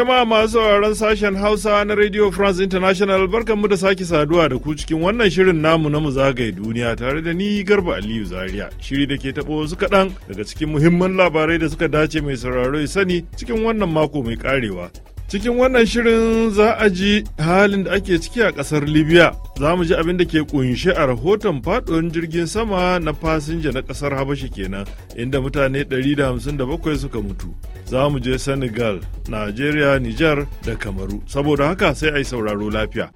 Jama'a masu sauraron sashen Hausa na Radio France International barkanmu da sake saduwa da ku cikin wannan shirin namu na mu duniya tare da ni Garba Aliyu Zaria. Shiri da ke taɓo wasu kaɗan daga cikin muhimman labarai da suka dace mai sauraro sani cikin wannan mako mai karewa. Cikin wannan shirin za a ji halin da ake ciki a ƙasar Libya, za mu ji abin da ke kunshe a rahoton faɗuwar jirgin sama na fasinja na ƙasar Habasha kenan, inda mutane 157 suka mutu. Za mu je Senegal, Najeriya, Nijar da Kamaru, saboda haka sai a yi sauraro lafiya.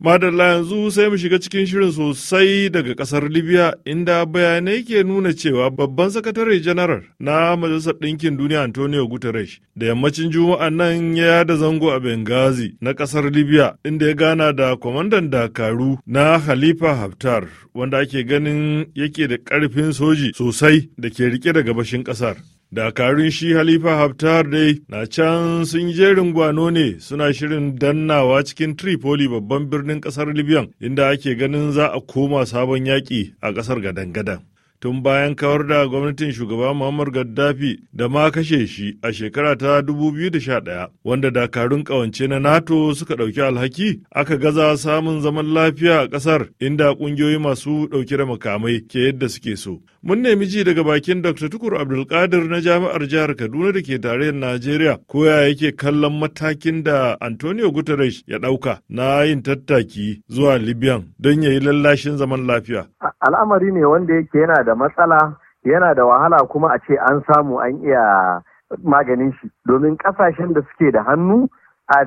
Madalla yanzu sai mu shiga cikin shirin sosai daga kasar Libya inda bayanai ke nuna cewa babban sakatare janaral na Majalisar Ɗinkin Duniya Antonio Guterres da yammacin Juma'a nan ya yada zango a Benghazi na kasar Libya inda ya gana da kwamandan Dakaru na Khalifa Haftar wanda ake ganin yake da ƙarfin soji sosai da ke rike da gabashin ƙasar. dakarun shi halifa haftar dai na can sun jerin gwano ne suna shirin dannawa cikin tripoli babban birnin kasar libyan inda ake ganin za a koma sabon yaƙi a kasar gadan-gadan tun bayan kawar da gwamnatin shugaba muhammad gaddafi da ma kashe shi a shekara ta 2011 wanda dakarun ƙawance na nato suka ɗauki alhaki aka gaza samun zaman lafiya a ƙasar inda ƙungiyoyi masu ɗauke da makamai ke yadda suke so Mun nemi ji daga bakin Dr. Tukur Abdulkadir na Jami'ar Jihar Kaduna da ke tarayyar Najeriya ko ya yake kallon matakin da Antonio Guterres ya dauka na yin tattaki zuwa Libyan don ya yi lallashin zaman lafiya. Al'amari ne wanda yake yana da matsala, yana da wahala kuma a ce an samu an iya maganin shi domin kasashen da suke da hannu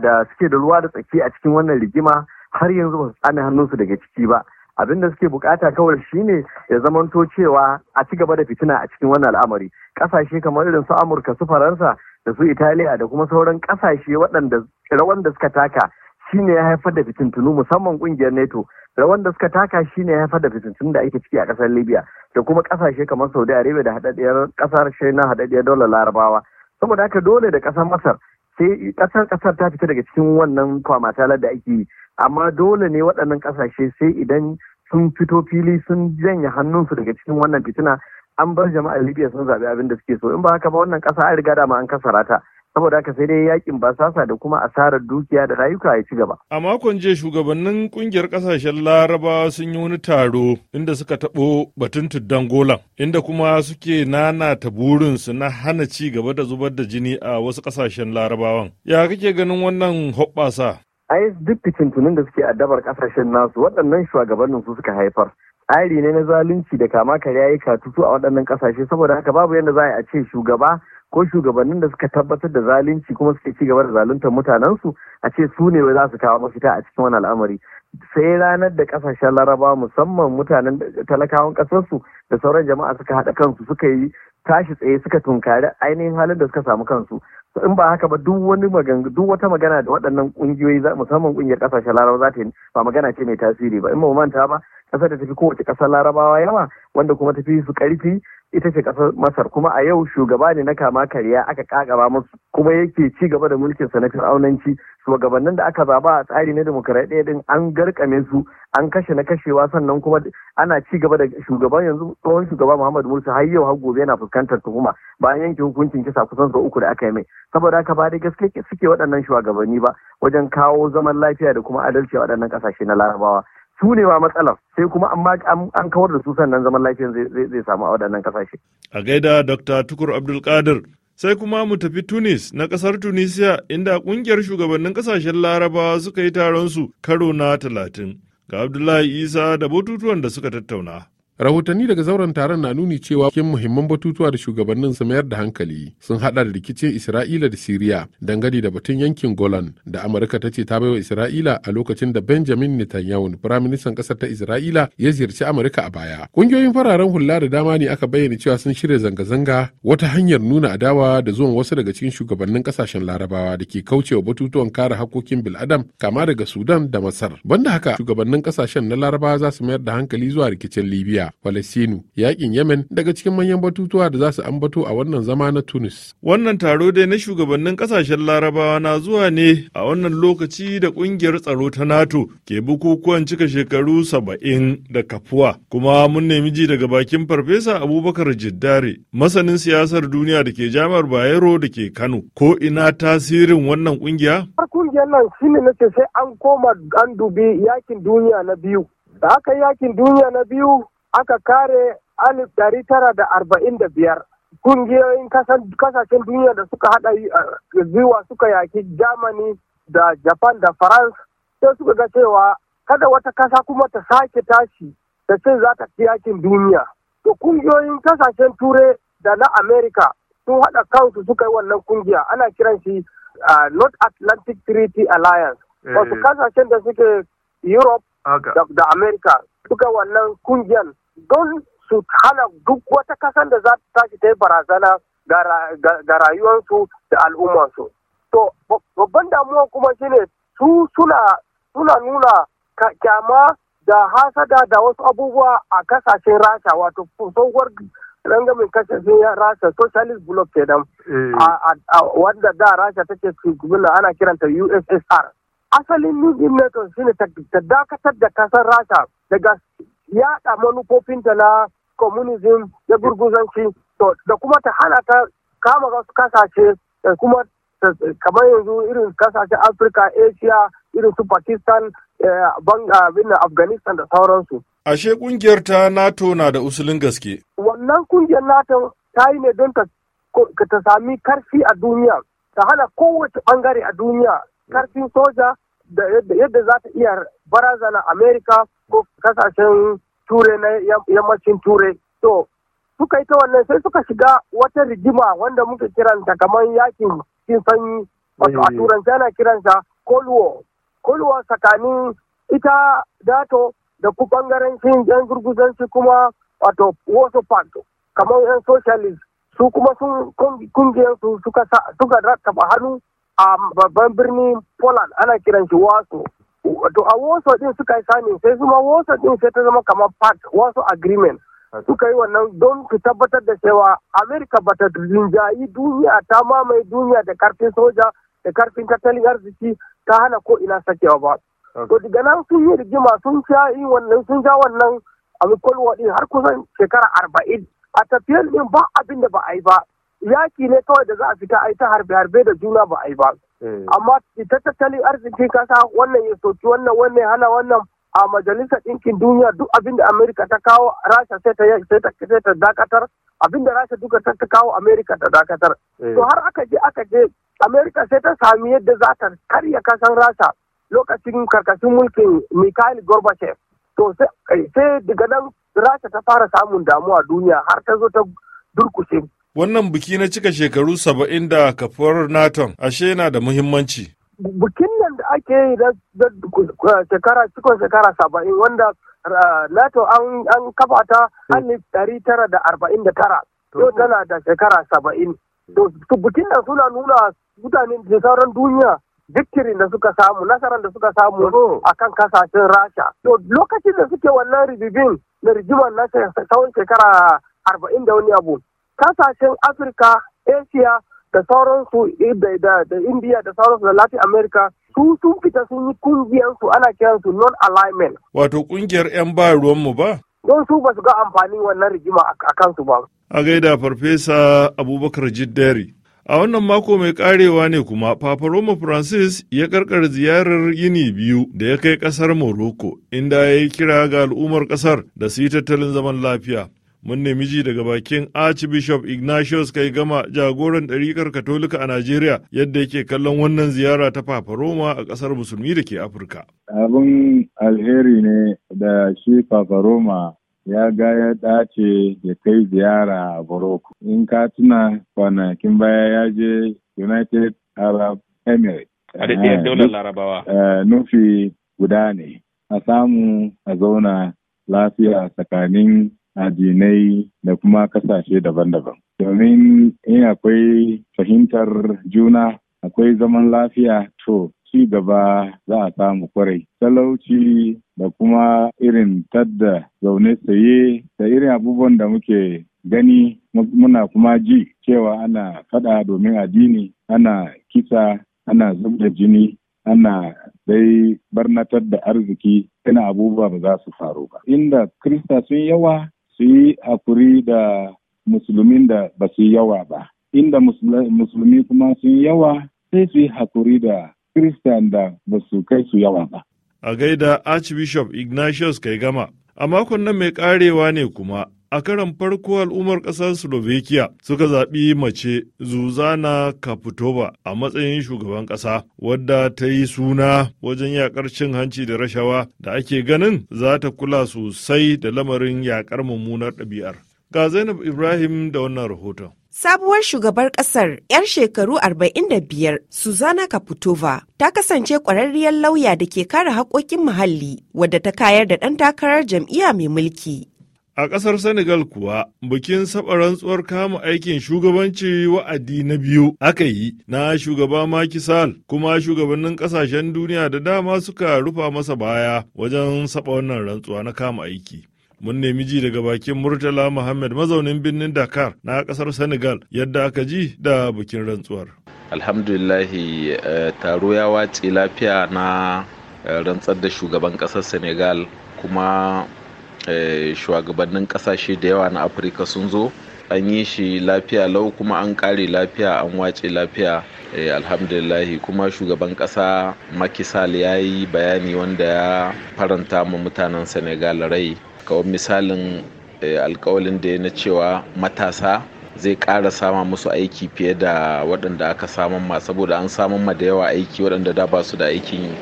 da suke da ruwa da tsaki a cikin wannan rigima har yanzu ba su tsane hannunsu daga ciki ba. abin da suke bukata kawai shine ya zamanto cewa a ci gaba da fitina a cikin wannan al'amari kasashe kamar irin su amurka su faransa da su italiya da kuma sauran kasashe waɗanda rawan da suka taka shine ya haifar da fitintunu musamman kungiyar neto rawan da suka taka shine ya haifar da fitintunu da ake ciki a ƙasar libya da kuma kasashe kamar saudi arabia da haɗaɗɗiyar ƙasashe na haɗaɗɗiyar dole larabawa saboda haka dole da ƙasar masar sai kasar kasar ta fita daga cikin wannan kwamatalar da ake yi amma dole ne waɗannan kasashe sai idan sun fito fili sun janye hannunsu daga cikin wannan fitina an bar jama'ar libya sun zaɓi abin da suke so in ba haka ba wannan ƙasa an riga dama an kasara ta saboda haka sai dai yakin basasa da kuma asarar dukiya da rayuka ya ci gaba. A makon jiya shugabannin kungiyar kasashen Laraba sun yi wani taro inda suka taɓo batun tuddan golan inda kuma suke nanata su na hana ci gaba da zubar da jini a wasu kasashen Larabawan. Ya kake ganin wannan hoɓɓasa? Ai duk fitintunin da suke addabar kasashen nasu waɗannan shugabannin su suka haifar. Tsari ne na zalunci da kama karya ya katutu a waɗannan kasashe saboda haka babu yadda za a ce shugaba ko shugabannin da suka tabbatar da zalunci kuma suke ci gaba da zaluntar mutanensu a ce su ne za su kawo mafita a cikin wani al'amari sai ranar da kasashen laraba musamman mutanen talakawan kasarsu da sauran jama'a suka haɗa kansu suka yi tashi tsaye suka tunkari ainihin halin da suka samu kansu in ba haka ba duk wani magana duk wata magana da waɗannan ƙungiyoyi musamman ƙungiyar ƙasashen larabawa za ta yi ba magana ce mai tasiri ba in ba manta ba ƙasar da tafi kowace ƙasar larabawa yawa wanda kuma tafi su ƙarfi ita ce kasar masar kuma a yau shugaba ne na kama karya aka kagaba musu kuma yake ci gaba da mulkin sa na fir'aunanci shugabannin da aka zaba a tsari na demokaradiyya din an garkame su an kashe na kashewa sannan kuma ana ci gaba da shugaban yanzu tsohon shugaba muhammadu musa har yau har gobe yana fuskantar tuhuma bayan yanke hukuncin kisa kusan sau uku da aka yi mai saboda haka ba da gaske suke waɗannan shugabanni ba wajen kawo zaman lafiya da kuma adalci a waɗannan ƙasashe na larabawa su ne ma matsalar sai kuma an kawar da su sannan zaman lafiyan zai samu a waɗannan kasashe. A gaida Dr. Tukur Abdulkadir sai kuma mu tafi Tunis na ƙasar Tunisia inda ƙungiyar shugabannin ƙasashen Larabawa suka yi taron su karo na talatin. Ga Abdullahi Isa da batutuwan da suka tattauna. rahotanni daga zauren taron na nuni cewa cikin muhimman batutuwa da shugabannin su mayar da hankali sun hada da rikicin isra'ila da siriya dangane da batun yankin golan da amurka ta ce ta baiwa isra'ila a lokacin da benjamin netanyahu firaministan kasar ta isra'ila ya ziyarci amurka a baya kungiyoyin fararen hula da dama ne aka bayyana cewa sun shirya zanga-zanga wata hanyar nuna adawa da zuwan wasu daga cikin shugabannin kasashen larabawa da ke kaucewa batutuwan kare hakokin bil'adam kama daga sudan da masar banda haka shugabannin ƙasashen na larabawa za su mayar da hankali zuwa rikicin libya Falasinu, yakin Yemen daga cikin manyan batutuwa da za su ambato a wannan zama na Tunis. Wannan taro dai na shugabannin kasashen Larabawa na zuwa ne a wannan lokaci da kungiyar tsaro ta NATO ke bukukuwan cika shekaru saba'in da kafuwa. Kuma mun nemi ji daga bakin Farfesa Abubakar Jiddare, masanin siyasar duniya da ke jami'ar Bayero da ke Kano. Ko ina tasirin wannan kungiya? Kungiyar nan ne nace sai an koma an dubi yakin duniya na biyu. Da aka yakin duniya na biyu aka kare alif dari tara da arba'in da biyar kungiyoyin kasashen duniya da suka hada zuwa eh, suka yaki germany da japan da france sai suka ga cewa kada wata kasa kuma ta sake tashi da ce za ta fi yakin duniya to kungiyoyin kasashen Ture da na america sun hada kansu suka yi wannan kungiya ana kiran shi eh, north atlantic treaty alliance wasu eh. kasashen da suke europe da america suka wannan kungiyan don su hana duk wata kasan da za ta tashi ta yi barazana ga rayuwarsu da al'ummarsu. To, babban damuwa kuma shine su suna nuna kyama da hasada da wasu abubuwa a kasashen rasha wato tsohuwar rangamin kasashen rasha socialist bloc kenan mm. wanda da rasha take shugabin ana kiranta ussr asalin nijin nato shine ta dakatar da kasar rasha daga yaɗa manufofinta na communism da gurguzanci da kuma ta hana ta kama kasashe da kuma kamar yanzu irin kasashe afirka asia irin su pakistan eh, afghanistan da sauransu ashe kungiyar ta nato na da usulin gaske wannan kungiyar nato ta yi ne don ta sami karfi a duniya ta hana kowace bangare a duniya karfin soja da yadda za ta iya barazana amerika ko kasashen ture na yammacin ture to suka yi ta wannan sai suka shiga wata rigima wanda muke kiranta kamar yakin cin sanyi wato a eh. turanci ana kiransa kolwo kolwo tsakanin ita dato da ku bangarancin yan gurguzanci kuma wato wasu park kamar yan socialist su kuma sun kungiyarsu suka rattaba hannu a babban birnin Poland ana kiran shi wato. To a Warsaw din suka yi sani sai kuma Warsaw din sai ta zama kamar part wasu agreement. Suka yi wannan don su tabbatar da cewa Amerika ba ta rinjayi duniya ta mamaye duniya da karfin soja da karfin tattalin arziki ta hana ko ina sakewa ba. To daga nan sun yi rigima sun sha wannan sun ja wannan a har kusan shekara arba'in a tafiyar din ba abin da ba a yi ba. yaki ne kawai da za a fita a yi ta harbe-harbe da juna ba a yi ba. Hmm. Amma ita tattalin arzikin kasa wannan ya soki wannan wannan hana wannan a majalisar ɗinkin duniya duk abin da Amerika ta kawo Rasha sai ta sai ta dakatar abin da Rasha duka ta kawo Amerika ta dakatar. Hmm. To har aka je aka je Amerika sai ta sami yadda za ta karya kasan Rasha lokacin karkashin mulkin Mikhail Gorbachev. To sai daga nan Rasha ta fara samun damuwa duniya har ta zo ta durkushe Wannan biki na cika shekaru saba'in da kafar Naton ashe yana da muhimmanci. Bikin nan da ake yi da shekara cikon shekara saba'in wanda Nato an kafa ta hmm. alif dari tara da arba'in da tara. Hmm. Yau tana da shekara saba'in. Bikin nan suna nuna mutanen da sauran duniya victory da suka samu nasarar da suka samu a kan kasashen rasha to lokacin da suke wannan ribibin na rigimar na tsawon shekara arba'in da wani abu kasashen afirka asia da sauransu eh, da indiya da sauransu da latin america su sun fita sun yi kungiyarsu ana kiransu non alignment wato kungiyar 'yan ba ruwanmu ba don su ba su ga amfani wannan rigima a kansu ba a gaida farfesa abubakar jiddari a wannan mako mai karewa ne kuma papa roma francis ya karkar ziyarar yini biyu da ya kai kasar morocco inda ya yi kira ga al'ummar kasar da su yi tattalin zaman lafiya mun nemi daga bakin Archbishop Ignatius kai gama jagoran ɗarikar Katolika a Najeriya yadda yake kallon wannan ziyara ta Papa Roma a ƙasar Musulmi da ke Afirka. Abin alheri ne da shi Papa Roma ya ga ya dace ya kai ziyara a Morocco. In ka tuna kwanakin baya ya je United Arab Emirates. A eh, Larabawa. Eh, nufi guda ne, a samu a zauna lafiya tsakanin addinai da kuma kasashe daban-daban. Domin in akwai fahimtar juna, akwai zaman lafiya to ci gaba za a samu kwarai. Talauci da kuma irin tadda zaune saye da irin abubuwan da muke gani muna kuma ji cewa ana fada domin addini, ana kisa, ana zub da jini, ana dai barnatar da arziki ina abubuwa ba za su faru ba. Inda Krista sun yawa su yi hakuri da musulmin da ba su yi yawa ba inda musulmi kuma sun yawa sai su yi hakuri da kristan da ba su kai su yawa ba a gaida archbishop ignatius kai gama a makon nan mai karewa ne kuma a karan farko al'ummar ƙasar Slovakia suka zaɓi mace Zuzana Kaputova a matsayin shugaban ƙasa wadda ta yi suna wajen yaƙar cin hanci da rashawa da ake ganin za ta kula sosai da lamarin yaƙar mummunar ɗabi'ar. Ga Zainab Ibrahim da wannan rahoton. Sabuwar shugabar kasar 'yar shekaru 45 Suzana Kaputova ta kasance kwararriyar lauya da ke kare haƙoƙin muhalli wadda ta kayar da ɗan takarar jam'iyya mai mulki A ƙasar Senegal kuwa bikin saɓa rantsuwar kama aikin shugabanci wa'adi na biyu aka yi na shugaba Macky Sall kuma shugabannin ƙasashen duniya da dama suka rufa masa baya wajen saba wannan rantsuwa na kama aiki. Mun nemi ji daga bakin Murtala Muhammad mazaunin birnin Dakar na ƙasar Senegal yadda aka ji da bikin rantsuwar. Alhamdulillahi eh, taro ya watse lafiya na eh, rantsar da shugaban ƙasar Senegal kuma Eh, shugabannin kasashe da yawa na afirka sun zo an yi shi lafiya lau kuma an kare lafiya an wace lafiya eh, alhamdulillahi kuma shugaban kasa makisal ya yi bayani wanda ya faranta ma mutanen senegal rai kawai misalin eh, alkawalin da ya na cewa matasa zai ƙara sama musu aiki fiye da waɗanda aka saman ma saboda an saman ma da yawa aiki waɗanda da ba su da aikin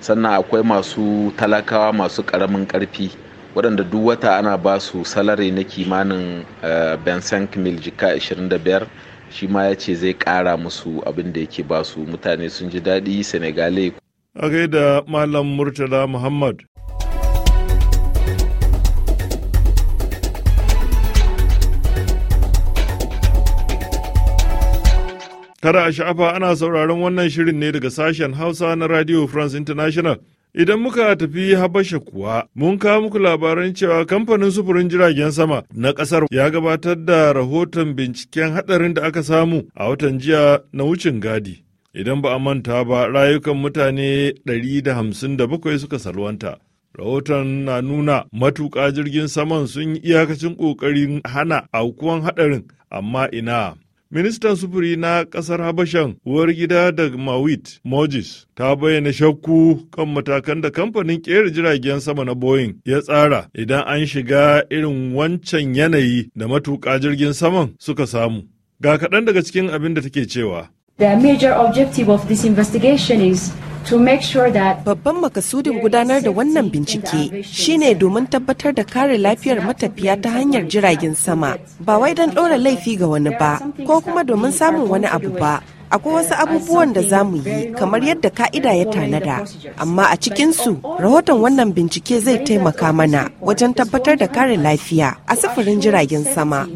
sannan akwai masu talakawa masu ƙaramin ƙarfi waɗanda duk wata ana ba su salari na kimanin eh, bensan mil jika 25 shi ma ya ce zai ƙara musu abin da yake ba su mutane sun ji daɗi senegale a gaida malam murtala muhammad Kada a sha'afa ana sauraron wannan shirin ne daga sashen Hausa na Radio France International Idan muka tafi Habasha kuwa, mun kawo muku labaran cewa kamfanin sufurin jiragen sama na ƙasar ya gabatar da rahoton binciken haɗarin da aka samu a watan jiya na wucin gadi. Idan ba a manta ba, rayukan mutane 157 suka salwanta. Rahoton na nuna matuƙa jirgin saman sun yi iyakacin ƙoƙarin hana aukuwan haɗarin, amma ina Ministan sufuri na ƙasar Habashan, uwar gida da Mawit Mojis, ta bayyana shakku kan matakan da kamfanin ƙera jiragen sama na Boeing ya tsara idan an shiga irin wancan yanayi da matuƙa jirgin saman suka samu. Ga kaɗan daga cikin abin da take cewa. The major objective of this investigation is Babban makasudin gudanar da wannan bincike shine domin tabbatar da kare lafiyar matafiya ta hanyar jiragen sama, ba wai don ɗora laifi ga wani ba, ko kuma domin samun wani abu ba. akwai wasu abubuwan da za mu yi kamar yadda ka'ida ya tanada amma a cikinsu rahoton wannan bincike zai taimaka mana wajen tabbatar da kare lafiya a sufurin jiragen sama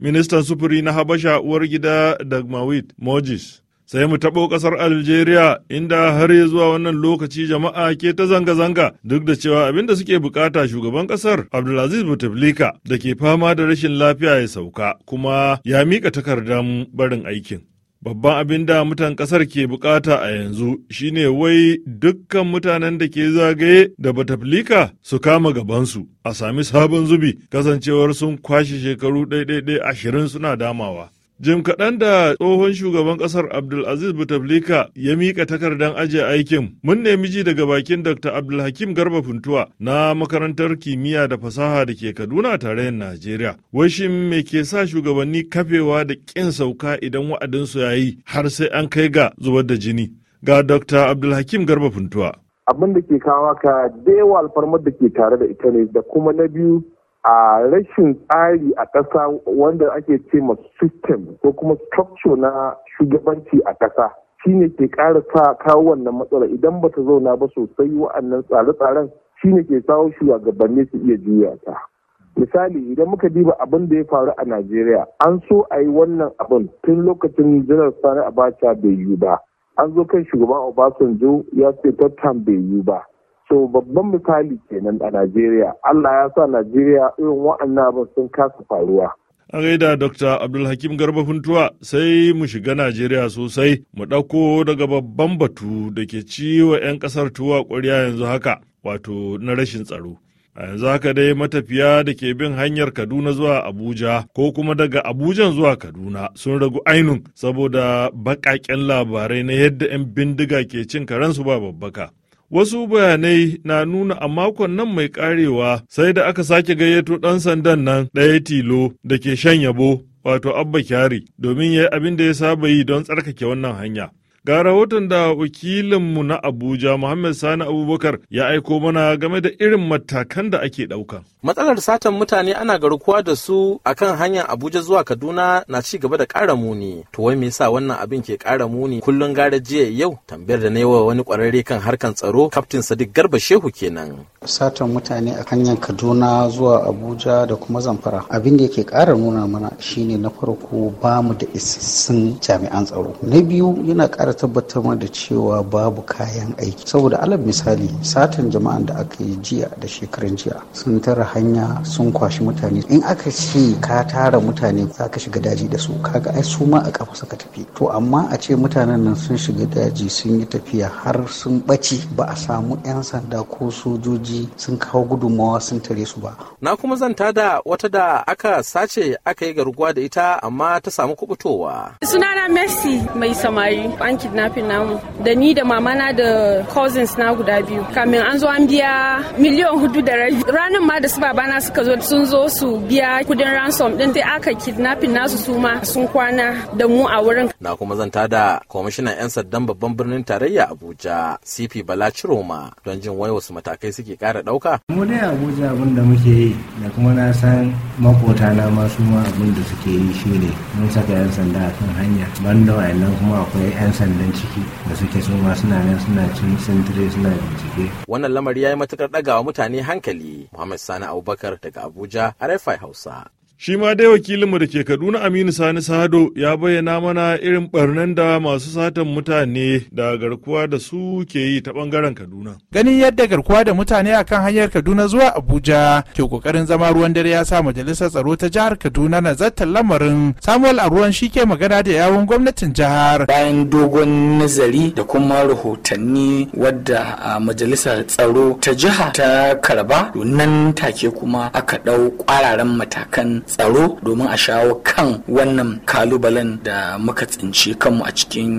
ministan sufuri na habasha uwar gida dagmawit mojis sai mu taɓo ƙasar Algeria inda har ya zuwa wannan lokaci jama'a ke ta zanga-zanga duk da cewa abin da suke bukata shugaban ƙasar Abdulaziz Bouteflika da ke fama da rashin lafiya ya sauka kuma ya miƙa takardar barin aikin. Babban abin da mutan ƙasar ke bukata a yanzu shine wai dukkan mutanen da ke zagaye da Bouteflika su kama gabansu a sami sabon zubi kasancewar sun kwashe shekaru ɗaiɗaiɗai ashirin suna damawa. Jim kaɗan da tsohon shugaban ƙasar Abdulaziz Bouteflika ya miƙa takardar ajiye aikin. Mun nemi ji daga bakin Dr. Abdulhakim Garba Funtuwa na makarantar kimiyya da fasaha da ke Kaduna a tarayyar Najeriya. Wai shin me ke sa shugabanni kafewa da ƙin sauka idan wa'adinsu ya yi har sai an kai ga zubar da jini? Ga Dr. Abdulhakim Garba Funtuwa. Abin da ke kawo ka da yawa alfarmar da ke tare da ita ne da kuma na biyu a rashin tsari a ƙasa wanda ake ce ma system ko kuma structure na shugabanci a ƙasa shine ke ƙara sa kawo wannan matsala idan ba ta zauna ba sosai wa'annan tsare-tsaren shine ke kawo shugabanni su iya juya ta misali idan muka diba abin da ya faru a najeriya an so a yi wannan abin tun lokacin janar sani abacha bai yiwu ba an zo kan shugaban obasanjo ya ce tattan bai yiwu ba to babban misali kenan a najeriya allah ya sa najeriya irin wa'annan abin sun kasa faruwa a gaida dr abdulhakim garba funtuwa sai mu shiga najeriya sosai mu ɗauko daga babban batu da ke ci wa 'yan ƙasar tuwa ƙwarya yanzu haka wato na rashin tsaro a yanzu haka dai matafiya da ke bin hanyar kaduna zuwa abuja ko kuma daga abuja zuwa kaduna sun ragu ainun saboda baƙaƙen labarai na yadda 'yan bindiga ke cin karensu ba babbaka Wasu bayanai na nuna a makon nan mai karewa sai da aka sake gayyato ɗan sandan nan ɗaya tilo da ke shan yabo wato abba kyari domin ya yi abin da ya saba yi don tsarkake wannan hanya. Ga rahoton da wakilinmu na Abuja Muhammad Sani Abubakar ya aiko mana game da irin matakan da ake ɗauka. Matsalar satan mutane ana garkuwa da su akan hanyar Abuja zuwa Kaduna na ci gaba da ƙara muni. To wai me yasa wannan abin ke ƙara muni kullum gara jiya yau tambayar da na yi wa wani kwararre kan harkan tsaro Kaftin Sadiq Garba Shehu kenan. Satan mutane a hanyar Kaduna zuwa Abuja da kuma Zamfara abin da yake ƙara nuna mana shine na farko bamu da isassun jami'an tsaro. Na biyu yana ƙara ƙara tabbatar ma da cewa babu kayan aiki saboda alal misali satin jama'an da aka yi jiya da shekaran jiya sun tara hanya sun kwashi mutane in aka ce ka tara mutane za ka shiga daji da su kaga ai su ma a kafa suka tafi to amma a ce mutanen nan sun shiga daji sun yi tafiya har sun ɓace ba a samu 'yan sanda ko sojoji sun kawo gudummawa sun tare su ba na kuma zan tada wata da aka sace aka yi garguwa da ita amma ta samu kubutowa sunana mercy mai samari an kidnapping namu da ni da mamana da cousins na guda biyu kamin an zo an biya miliyan hudu da rabi ranar ma da su babana suka zo sun zo su biya kudin ransom din sai aka kidnapping nasu su ma sun kwana da mu a wurin na kuma zanta da kwamishinan yan sandan babban birnin tarayya abuja cp bala ciroma don jin wai wasu matakai suke kara dauka mu dai abuja abin da muke yi da kuma na san makota na ma su ma abin da suke yi shine mun saka yan sanda akan hanya banda wayannan kuma akwai yan sanda sandan ciki da suke soma suna nan suna cin sintire suna bincike. Wannan lamari ya yi matukar ɗagawa mutane hankali. Muhammad Sani Abubakar daga Abuja, RFI Hausa. Shi ma dai wakilinmu da ke Kaduna Aminu Sani Sado ya bayyana mana irin barnan da masu satan mutane da garkuwa da su ke yi ta bangaren Kaduna. Ganin yadda garkuwa da mutane a kan hanyar Kaduna zuwa Abuja ke kokarin zama ruwan dare ya sa majalisar tsaro ta jihar Kaduna na zartar lamarin Samuel Aruwan shi ke magana da yawon gwamnatin jihar. Bayan dogon nazari da kuma rahotanni wadda majalisar tsaro ta jiha ta karba nan take kuma aka ɗau kwararan matakan tsaro domin a shawo kan wannan kalubalen da muka tsinci kanmu a cikin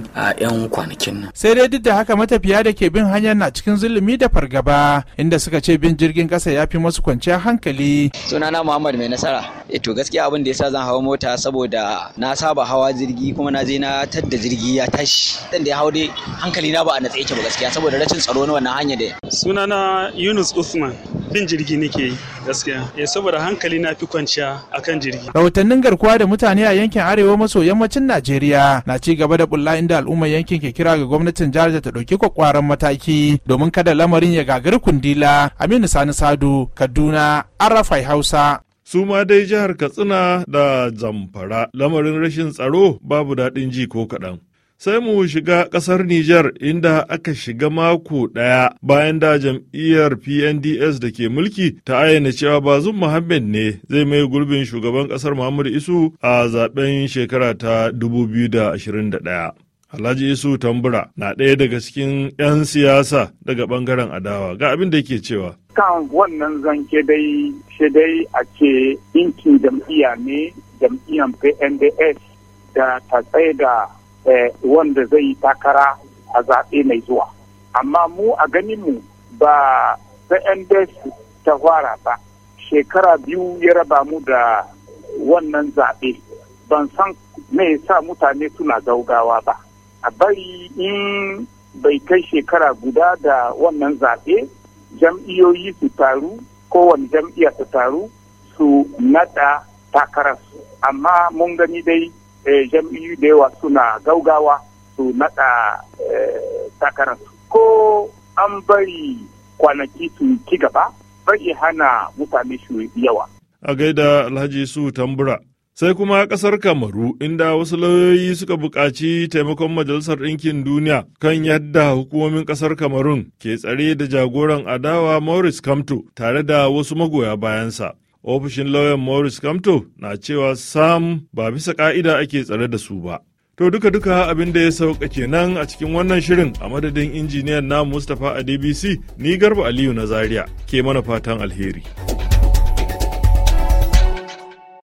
'yan kwanakin nan. Sai dai duk da haka matafiya da ke bin hanyar na cikin zulumi da fargaba inda suka ce bin jirgin kasa ya fi masu kwanciyar hankali. Sunana Muhammad mai nasara. E to gaskiya abin da yasa zan hawa mota saboda na saba hawa jirgi kuma na je na tadda jirgi ya tashi. Dan da ya hau dai hankali na ba a natsa yake ba gaskiya saboda rashin tsaro na wannan hanya da. Sunana Yunus Usman bin jirgi nake yi gaskiya. E saboda hankali na fi kwanciya akan jirgi. Rahotannin garkuwa da mutane a yankin arewa maso yammacin Najeriya na ci gaba da bulla inda al'ummar yankin ke kira ga gwamnatin jihar da ta ɗauki kwakwaran mataki domin kada lamarin ya gagari kundila. Aminu Sani Sadu, Kaduna, Arafai Hausa. su ma dai jihar Katsina da Zamfara lamarin rashin tsaro babu daɗin ji ko kaɗan. sai mu shiga ƙasar Nijar inda aka shiga mako ɗaya bayan da jam'iyyar PNDS da ke mulki ta ayyana cewa Bazum Muhammad ne zai mai gurbin shugaban ƙasar Muhammadu Isu a zaben shekara ta 2021. Alhaji Isu Tambura na ɗaya daga cikin 'yan siyasa daga ɓangaren adawa ga abin da ke cewa. Kan wannan zanke dai shi dai a ce inki jam'iyya ne jam'iyyar PNDS da ta tsaye da Eh, wanda zai yi takara a zaɓe mai zuwa amma mu a ganinmu ba ta ta fara ba shekara biyu ya raba mu da wannan zaɓe ban san me sa mutane suna gaugawa ba a bari in bai kai shekara guda da wannan zaɓe jam'iyoyi su taru kowane jam'iyya su taru su naɗa su amma mun gani dai Eh, jam'iyyu da yawa suna gaugawa su naɗa eh, takararsu ko an bari kwanaki su ci gaba iya hana mutane su yawa a gaida alhaji su tambura sai kuma kasar kamaru inda wasu lauyoyi suka buƙaci taimakon majalisar ɗinkin duniya kan yadda hukumomin kasar kamarun ke tsare da jagoran adawa maurice kamto tare da wasu magoya bayansa ofishin lauyan Morris Kamto na cewa Sam ba bisa ka'ida ake tsare da su ba. To duka duka abin da ya sauka kenan a cikin wannan shirin a madadin injiniyan na Mustapha a DBC ni Garba Aliyu na Zaria ke mana fatan alheri.